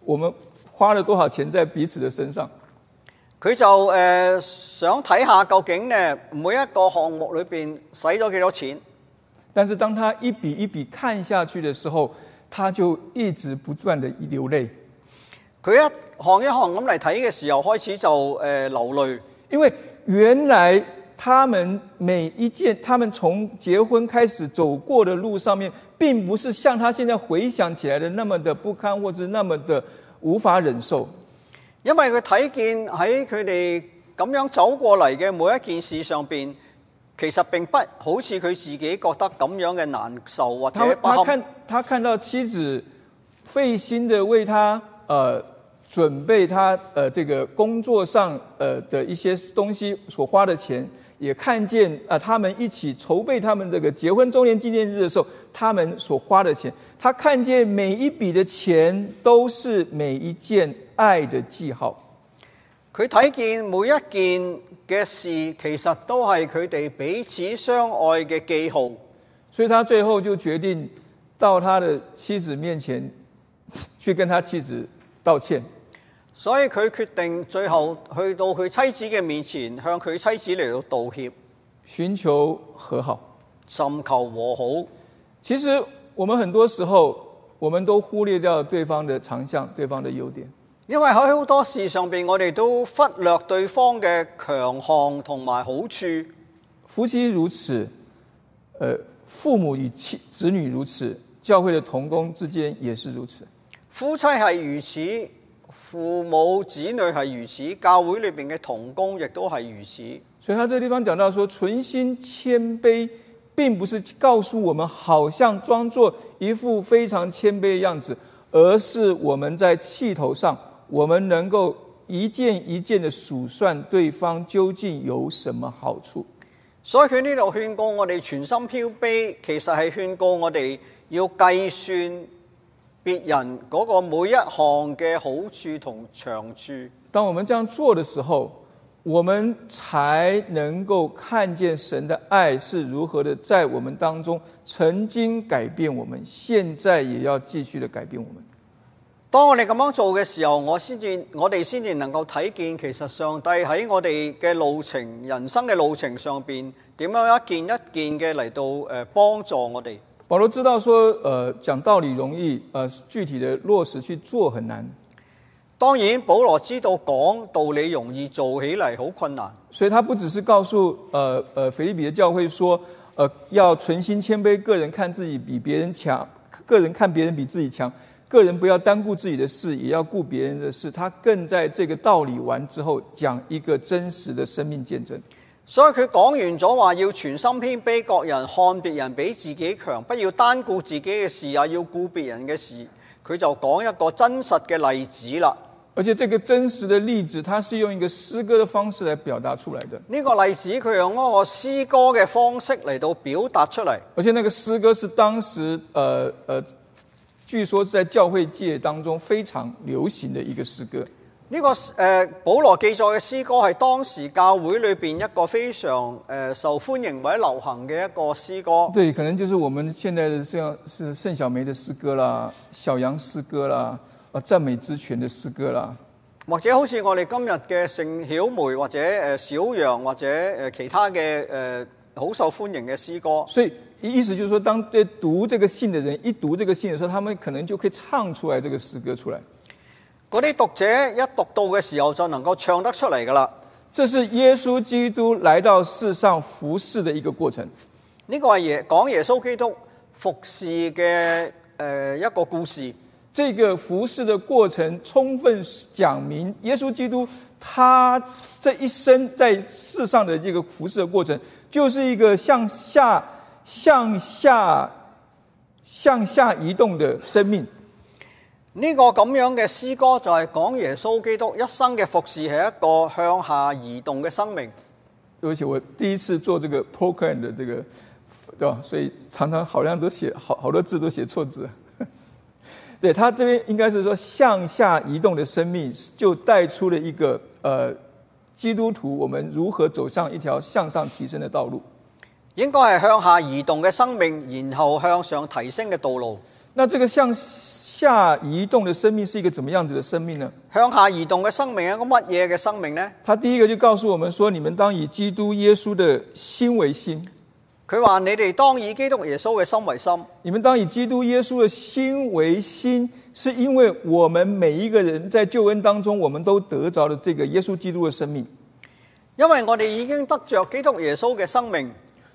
我們花了多少錢在彼此的身上。佢就誒、呃、想睇下究竟呢，每一個項目裏邊使咗幾多錢。但是當他一筆一筆看下去嘅時候，他就一直不斷的流淚，佢一行一行咁嚟睇嘅時候，開始就誒流淚，因為原來他們每一件，他們從結婚開始走過的路上面，並不是像他現在回想起來的那麼的不堪，或者那麼的無法忍受，因為佢睇見喺佢哋咁樣走過嚟嘅每一件事上邊。其實並不好似佢自己覺得咁樣嘅難受或者不堪。他，他看，他看到妻子費心的為他，誒、呃，準備他，誒、呃，這個工作上，誒、呃，的一些東西所花的錢，也看見，啊、呃，他們一起籌備他們這個結婚周年紀念日的時候，他們所花的錢，他看見每一筆的錢都是每一件愛的記號，佢睇見每一件嘅事其實都係佢哋彼此相愛嘅記號，所以他最後就決定到他的妻子面前去跟他妻子道歉。所以佢決定最後去到佢妻子嘅面前，向佢妻子嚟到道歉，尋求和好，尋求和好。其實，我們很多時候，我們都忽略掉對方的長項，對方的優點。因為喺好多事上邊，我哋都忽略對方嘅強項同埋好處。夫妻如此，誒、呃，父母與子子女如此，教會嘅同工之間也是如此。夫妻係如此，父母子女係如此，教會裏邊嘅同工亦都係如此。所以，他這個地方講到說，存心謙卑，並不是告訴我們好像裝作一副非常謙卑嘅樣子，而是我們在氣頭上。我們能夠一件一件的數算對方究竟有什麼好處，所以佢呢度勸告我哋全心謙卑，其實係勸告我哋要計算別人嗰個每一項嘅好處同長處。當我們這樣做的時候，我們才能夠看見神的愛是如何的在我們當中曾經改變我們，現在也要繼續的改變我們。當我哋咁樣做嘅時候，我先至我哋先至能夠睇見，其實上帝喺我哋嘅路程、人生嘅路程上邊，點樣一件一件嘅嚟到誒幫助我哋。保羅知道說，誒、呃、講道理容易，誒、呃、具體的落實去做很難。當然，保羅知道講道理容易，做起嚟好困難。所以，他不只是告訴誒誒腓立比嘅教會說，誒、呃、要存心謙卑，個人看自己比別人強，個人看別人比自己強。個人不要單顧自己的事，也要顧別人的事。他更在這個道理完之後，講一個真實的生命見證。所以佢講完咗話要存心謙卑各人，看別人比自己強，不要單顧自己嘅事啊，要顧別人嘅事。佢就講一個真實嘅例子啦。而且這個真實的例子，他是用一個詩歌的方式來表達出來的。呢、這個例子佢用嗰個詩歌嘅方式嚟到表達出嚟。而且那個詩歌是當時，誒、呃、誒。呃據說在教會界當中非常流行的一個詩歌，這個。呢個誒保羅記載嘅詩歌係當時教會裏邊一個非常誒、呃、受歡迎或者流行嘅一個詩歌。對，可能就是我們現在嘅，像是盛曉玫的詩歌啦，小羊詩歌啦，啊讚美之泉的詩歌啦，或者好似我哋今日嘅盛曉玫或者誒小羊或者誒其他嘅誒好受歡迎嘅詩歌。所以意思就是說，當讀這個信的人一讀這個信的時候，他們可能就可以唱出來這個詩歌出來。嗰啲讀者一讀到嘅時候就能夠唱得出嚟㗎喇。這是耶穌基督來到世上服侍的一個過程。呢、這個係耶講耶穌基督服侍嘅誒、呃、一個故事。這個服侍的過程充分講明耶穌基督他這一生在世上的一個服侍的過程，就是一個向下。向下向下移動的生命，呢、這個咁樣嘅詩歌就係講耶穌基督一生嘅服侍係一個向下移動嘅生命。對不起，我第一次做這個 Program 的這個對吧？所以常常好像都寫好好多字都寫錯字。 對他這邊應該是說向下移動的生命就帶出了一個，呃基督徒我們如何走向一條向上提升的道路。應該係向下移動嘅生命，然後向上提升嘅道路。那這個向下移動嘅生命是一個怎麼樣子嘅生命呢？向下移動嘅生命係一個乜嘢嘅生命呢？他第一個就告訴我們說：你們當以基督耶穌的心為心。佢話：你哋當以基督耶穌嘅心為心。你們當以基督耶穌嘅心為心，是因為我們每一個人在救恩當中，我們都得着了這個耶穌基督嘅生命。因為我哋已經得着基督耶穌嘅生命。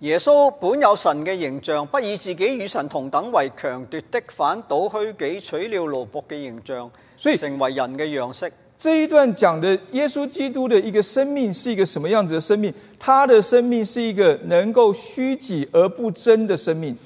耶穌本有神嘅形象，不以自己與神同等為強奪的，反倒虛己，取了奴僕嘅形象，所以成為人嘅樣式。這一段講的耶穌基督的一個生命是一個什麼樣子嘅生命？他的生命是一個能夠虛己而不爭嘅生命。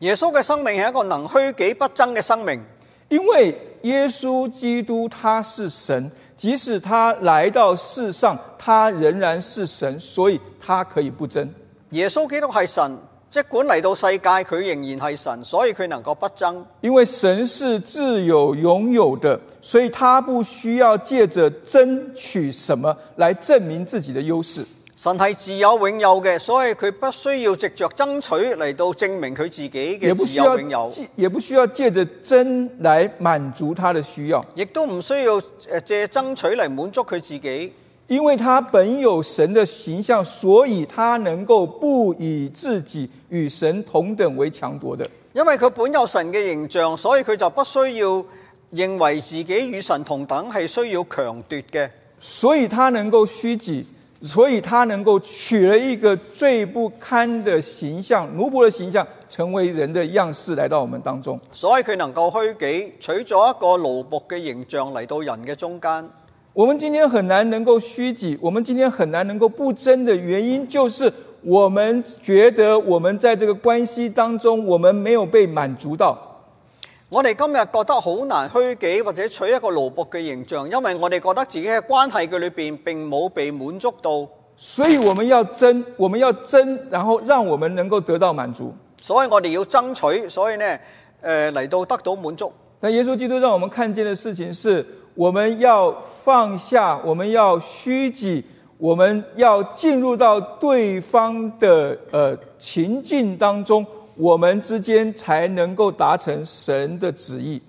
耶穌嘅生命係一個能虛己不爭嘅生命，因為耶穌基督他是神，即使他來到世上，他仍然是神，所以他可以不爭。耶穌基督係神，即管嚟到世界，佢仍然係神，所以佢能夠不爭。因為神是自有永有的，所以他不需要借着爭取什麼來證明自己的優勢。神係自有永有嘅，所以佢不需要藉着爭取嚟到證明佢自己嘅自有永有，也不需要借着爭來滿足他的需要，亦都唔需要借爭取嚟滿足佢自己。因為他本有神的形象，所以他能夠不以自己與神同等為強奪的。因為佢本有神嘅形象，所以佢就不需要認為自己與神同等係需要強奪嘅。所以他能夠虛己，所以他能夠取了一個最不堪的形象，奴僕的形象，成為人的樣式來到我們當中。所以佢能夠虛己，取咗一個奴僕嘅形象嚟到人嘅中間。我們今天很難能夠虛己，我們今天很難能夠不爭的原因，就是我們覺得我們在這個關係當中，我們沒有被滿足到。我哋今日覺得好難虛己，或者取一個奴僕嘅形象，因為我哋覺得自己嘅關係裏邊，並冇被滿足到，所以我們要爭，我們要爭，然後讓我們能夠得到滿足。所以我哋要爭取，所以呢，來嚟到得到滿足。那耶穌基督讓我們看見的事情是。我們要放下，我們要虛己，我們要進入到對方的呃情境,當中，我們之間才能夠達成神的旨意。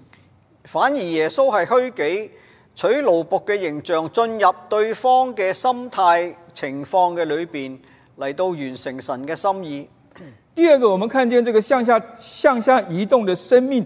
反而耶穌係虛己，取奴僕嘅形象進入對方嘅心態情況嘅裏邊嚟,到完成神嘅心意。第二個，我們看見這個向下向下移動的生命。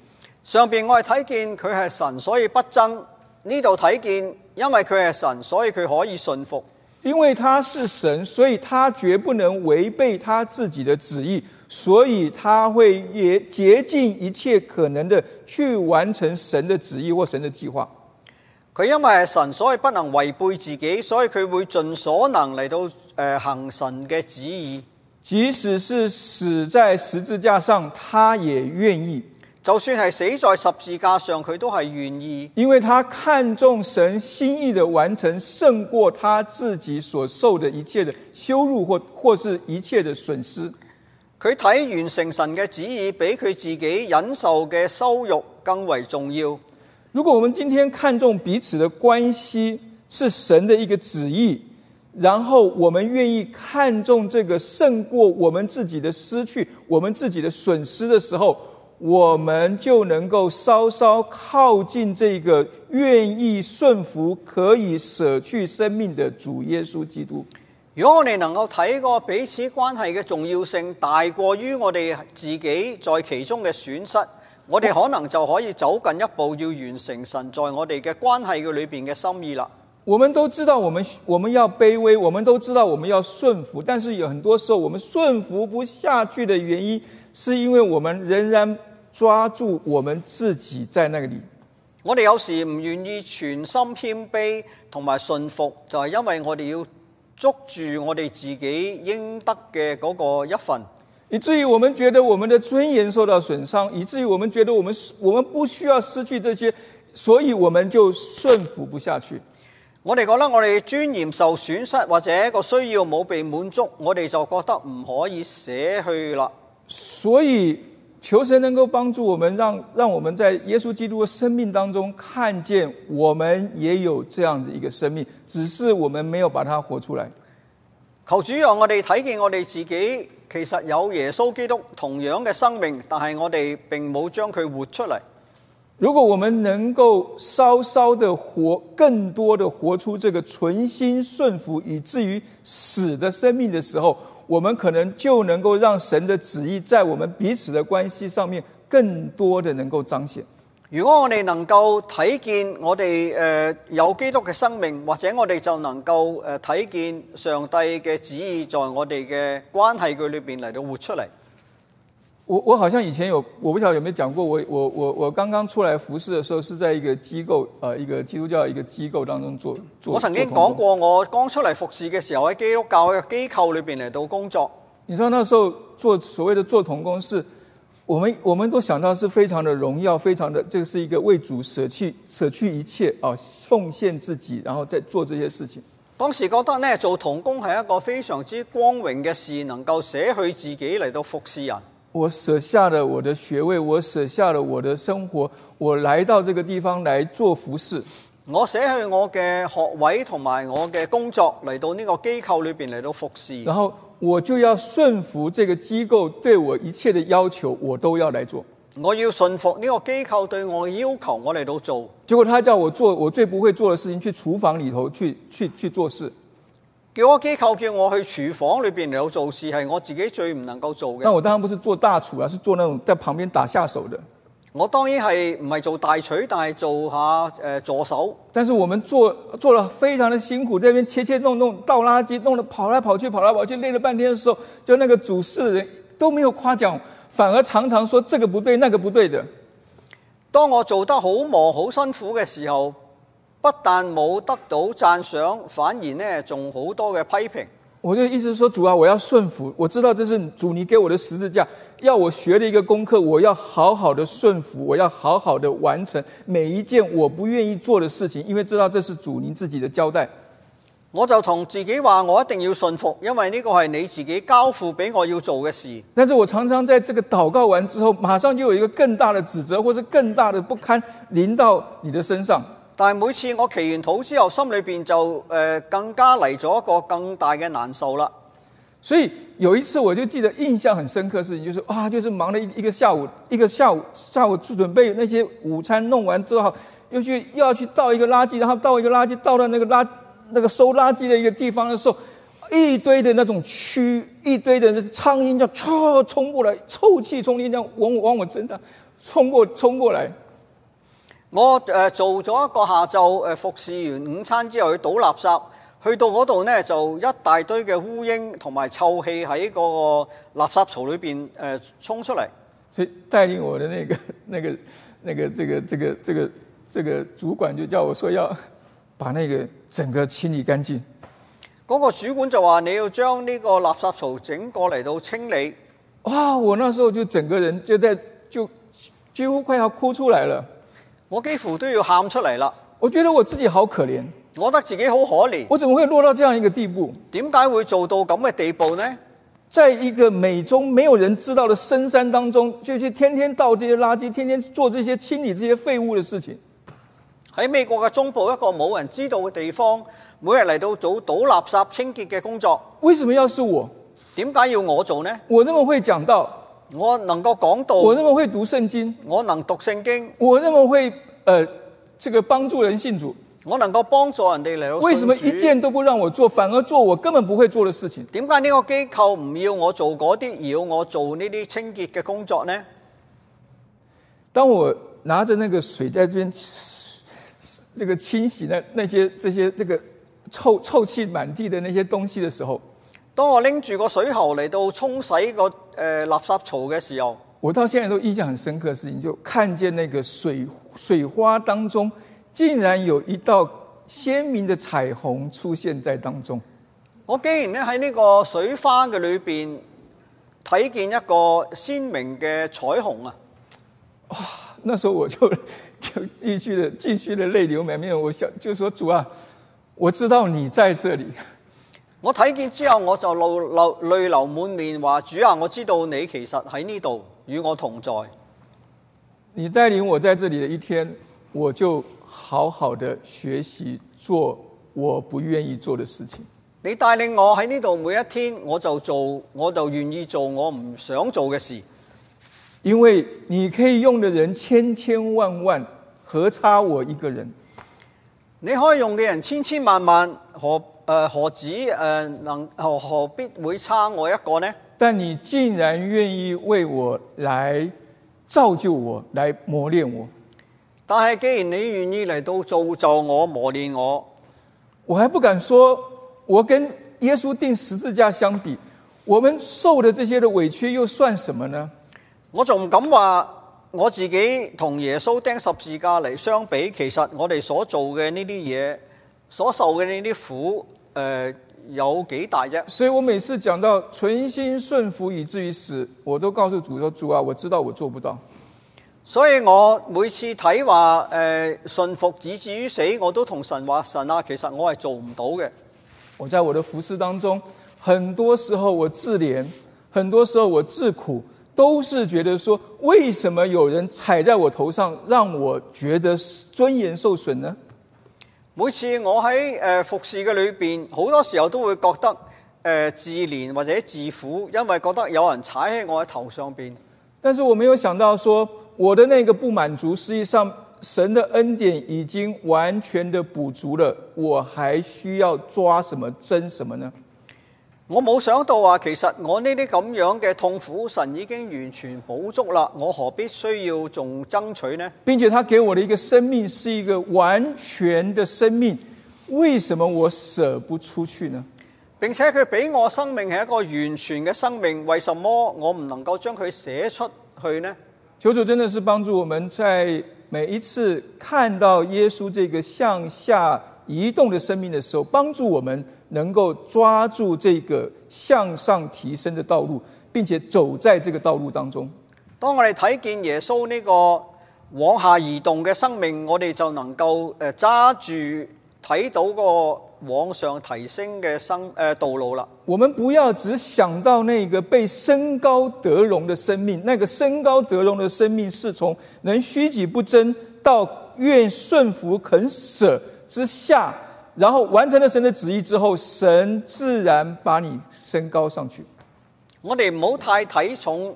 上邊我係睇見佢係神，所以不爭。呢度睇見，因為佢係神，所以佢可以信服。因為他是神，所以他絕不能違背他自己的旨意，所以他會也竭盡一切可能的去完成神的旨意或神的計劃。佢因為係神，所以不能違背自己，所以佢會盡所能嚟到誒、呃、行神嘅旨意，即使是死在十字架上，他也願意。就算係死在十字架上，佢都係願意。因為他看重神心意的完成，勝過他自己所受的一切的羞辱或或是一切的損失。佢睇完成神嘅旨意，比佢自己忍受嘅羞辱更為重要。如果我們今天看重彼此的關係，是神的一個旨意，然後我們願意看重這個勝過我們自己的失去、我們自己的損失的時候。我們就能夠稍稍靠近這個願意順服、可以捨去生命的主耶穌基督。如果我們能夠睇過彼此關係嘅重要性，大過於我哋自己在其中嘅損失，我哋可能就可以走近一步，要完成神在我哋嘅關係嘅裏邊嘅心意啦。我們都知道，我們我們要卑微，我們都知道我們要順服，但是有很多時候，我們順服不下去的原因，是因為我們仍然。抓住我們自己在那裏，我哋有時唔願意全心謙卑同埋順服，就係因為我哋要捉住我哋自己應得嘅嗰個一份，以至於我們覺得我們的尊嚴受到損傷，以至於我們覺得我們我們不需要失去這些，所以我們就順服不下去。我哋覺得我哋尊嚴受損失或者個需要冇被滿足，我哋就覺得唔可以捨去啦，所以。求神能夠幫助我們，讓讓我們在耶穌基督的生命當中看見，我們也有這樣子一個生命，只是我們沒有把它活出來。求主讓我哋睇見我哋自己，其實有耶穌基督同樣嘅生命，但係我哋並冇將佢活出來。如果我們能夠稍稍的活，更多的活出這個存心順服，以至於死的生命的時候，我們可能就能夠讓神的旨意在我們彼此的關係上面更多的能夠彰顯。如果我哋能夠睇見我哋，呃、有基督嘅生命，或者我哋就能夠誒、呃、睇見上帝嘅旨意在我哋嘅關係裏面嚟到活出嚟。我我好像以前有，我不知道有沒有講過。我我我我剛剛出來服侍的時候，是在一個機構啊、呃，一個基督教一個機構當中做做同工。我曾經講過，我剛出來服侍嘅時候喺基督教嘅機構裏邊嚟到工作。你知道那時候做所謂的做同工是，是我們我們都想到是非常的榮耀，非常的，這是一個為主捨去捨去一切啊、呃，奉獻自己，然後再做這些事情。當時覺得呢，做同工係一個非常之光榮嘅事，能夠捨去自己嚟到服侍人。我捨下了我的學位，我捨下了我的生活，我來到這個地方來做服侍。我捨去我嘅學位同埋我嘅工作，嚟到呢個機構裏邊嚟到服侍。然後我就要順服這個機構對我一切的要求，我都要來做。我要順服呢個機構對我嘅要求，我嚟到做。結果他叫我做我最不會做的事情，去廚房裏頭去去去做事。叫我機構叫我去廚房裏邊嚟度做事，係我自己最唔能夠做嘅。但我當然不是做大廚啦、啊，是做那種在旁邊打下手的。我當然係唔係做大廚，但係做下誒、呃、助手。但是我們做做得非常的辛苦，這邊切切弄弄倒垃圾，弄得跑來跑去跑來跑去，累了半天的時候，就那個主事人都沒有誇獎，反而常常說這個不對那個不對的。當我做得好忙好辛苦嘅時候。不但冇得到贊賞，反而呢仲好多嘅批評。我就意思說，主啊，我要順服。我知道這是主你給我的十字架，要我學的一個功課。我要好好的順服，我要好好的完成每一件我不願意做的事情，因為知道這是主你自己的交代。我就同自己話，我一定要順服，因為呢個係你自己交付俾我要做嘅事。但是我常常在這個禱告完之後，馬上就有一個更大的指責，或者更大的不堪臨到你的身上。但每次我祈完禱之後，心裏邊就呃更加嚟咗一個更大的難受啦。所以有一次我就記得印象很深刻的事情就是啊，就是忙了一個下午，一個下午下午準備那些午餐，弄完之後又去又要去倒一個垃圾，然後倒一個垃圾，倒到了那個垃那個收垃圾的一個地方的時候，一堆的那種蛆，一堆的那個蒼蠅，就衝衝過來，臭氣衝天，這樣往我往我身上衝過衝過來。我誒、呃、做咗一個下晝誒、呃、服侍完午餐之後去倒垃圾，去到嗰度呢，就一大堆嘅烏蠅同埋臭氣喺個垃圾槽裏邊誒衝出嚟。所以帶領我的那個那個那個這個這個這個、這個、這個主管就叫我說要把那個整個清理乾淨。嗰、那個主管就話你要將呢個垃圾槽整過嚟到清理。哇！我那時候就整個人就在就幾乎快要哭出來了。我幾乎都要喊出來了。我覺得我自己好可憐，我覺得自己好可憐，我怎麼會落到這樣一個地步？點解會做到咁嘅地步呢？在一個美中沒有人知道的深山當中，就去天天倒這些垃圾，天天做這些清理這些廢物的事情。喺美國嘅中部一個冇人知道嘅地方，每日嚟到，做倒垃圾清潔嘅工作，為什麼要是我？點解要我做呢？我就會講到。我能夠講道，我那麼會讀聖經，我能讀聖經，我認為會呃這個幫助人信主，我能夠幫助人哋。為什麼一件都不讓我做，反而做我根本不會做的事情？點解呢個機構唔要我做嗰啲，而要我做呢啲清潔嘅工作呢？當我拿着那個水在這邊，這個清洗那那些這些這個臭臭氣滿地的那些東西的時候。當我拎住個水喉嚟到沖洗個誒、呃、垃圾槽嘅時候，我到現在都印象很深刻的事情，就看見那個水水花當中，竟然有一道鮮明的彩虹出現在當中。我竟然咧喺呢個水花嘅裏邊睇見一個鮮明嘅彩虹啊！哇、哦！那時候我就就繼續的繼續的淚流滿面。我想就說主啊，我知道你在這裏。我睇見之後我就流流淚流滿面，話主啊，我知道你其實喺呢度與我同在。你帶領我在這裏的一天，我就好好的學習做我不願意做的事情。你帶領我喺呢度每一天我，我就做我就願意做我唔想做嘅事。因為你可以用的人千千萬萬，何差我一個人？你可以用嘅人千千萬萬，何？呃、何止誒能何何必會差我一個呢？但你竟然願意為我來造就我，來磨練我。但係既然你願意嚟到造就我、磨練我，我還不敢說，我跟耶穌釘十字架相比，我們受的這些的委屈又算什麼呢？我仲唔敢話我自己同耶穌釘十字架嚟相比，其實我哋所做嘅呢啲嘢。所受嘅呢啲苦，誒、呃，有幾大啫。所以我每次講到存心順服以至於死，我都告訴主說：“主啊，我知道我做不到。”所以我每次睇話，誒、呃，順服以至於死，我都同神話神啊，其實我係做唔到嘅。我在我的服侍當中，很多時候我自憐，很多時候我自苦，都是覺得說，為什麼有人踩在我頭上，讓我覺得尊嚴受損呢？每次我喺誒、呃、服侍嘅裏邊，好多時候都會覺得誒、呃、自憐或者自苦，因為覺得有人踩喺我嘅頭上邊。但是我沒有想到說，說我的那個不滿足實上，實際上神的恩典已經完全的補足了，我還需要抓什麼、爭什麼呢？我冇想到啊，其實我呢啲咁樣嘅痛苦，神已經完全補足啦，我何必需要仲爭取呢？並且他給我的一個生命是一個完全的生命，為什麼我捨不出去呢？並且佢俾我生命係一個完全嘅生命，為什麼我唔能夠將佢捨出去呢？求主真的是幫助我們在每一次看到耶穌這個向下移動的生命的時候，幫助我們。能夠抓住這個向上提升的道路，並且走在這個道路當中。當我哋睇見耶穌呢個往下移動嘅生命，我哋就能夠、呃、抓揸住睇到個往上提升嘅生誒、呃、道路了。我們不要只想到那個被升高得榮的生命，那個升高得榮的生命是從能虛己不爭，到願順服肯捨之下。然後完成了神的旨意之後，神自然把你升高上去。我哋唔好太睇重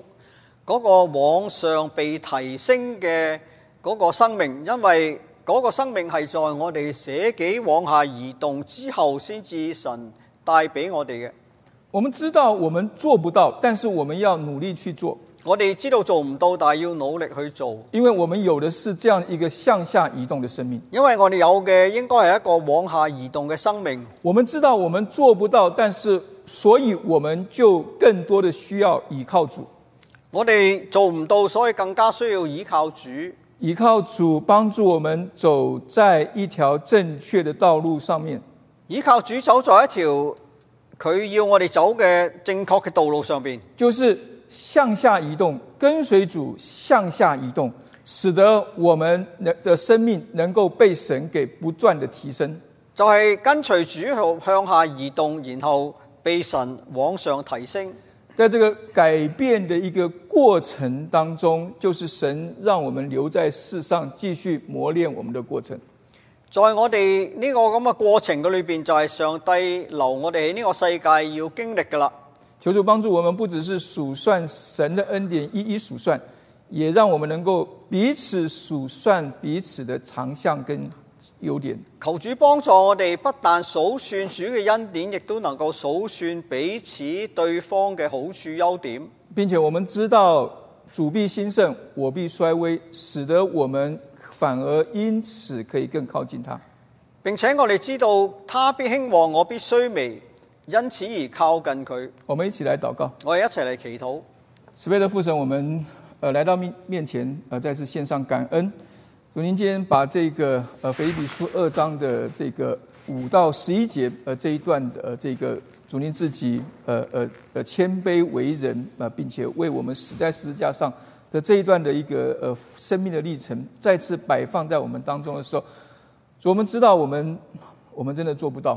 嗰個往上被提升嘅嗰個生命，因為嗰個生命係在我哋捨己往下移動之後先至神帶俾我哋嘅。我們知道我們做不到，但是我們要努力去做。我哋知道做唔到，但係要努力去做。因為我們有的是這樣一個向下移動的生命。因為我哋有嘅應該係一個往下移動嘅生命。我們知道我們做不到，但是所以我們就更多的需要倚靠主。我哋做唔到，所以更加需要倚靠主。倚靠主幫助我們走在一條正確的道路上面。倚靠主走在一條佢要我哋走嘅正確嘅道路上邊。就是。向下移動，跟隨主向下移動，使得我們的生命能夠被神給不斷地提升。就係、是、跟隨主後向下移動，然後被神往上提升。在這個改變的一個過程當中，就是神讓我們留在世上繼續磨練我們的過程。在我哋呢個咁嘅過程裏邊，就係上帝留我哋喺呢個世界要經歷噶啦。求主幫助我們，不只是數算神的恩典，一一數算，也讓我們能夠彼此數算彼此的長項跟優點。求主幫助我哋，不但數算主嘅恩典，亦都能夠數算彼此對方嘅好處優點，並且我們知道主必興盛，我必衰微，使得我們反而因此可以更靠近他，並且我哋知道他必興旺，我必衰微。因此而靠近佢，我們一起來禱告，我哋一齊嚟祈禱。慈悲的父神，我們，呃來到面面前，呃再次獻上感恩。主，您今天把這個，呃腓立比書二章的這個五到十一節，呃這一段，的、呃、這個主您自己，呃呃呃謙卑為人，啊、呃，并且為我們死在十字架上的這一段的一個，呃生命的歷程，再次擺放在我們當中的時候，所以我們知道，我們，我們真的做不到。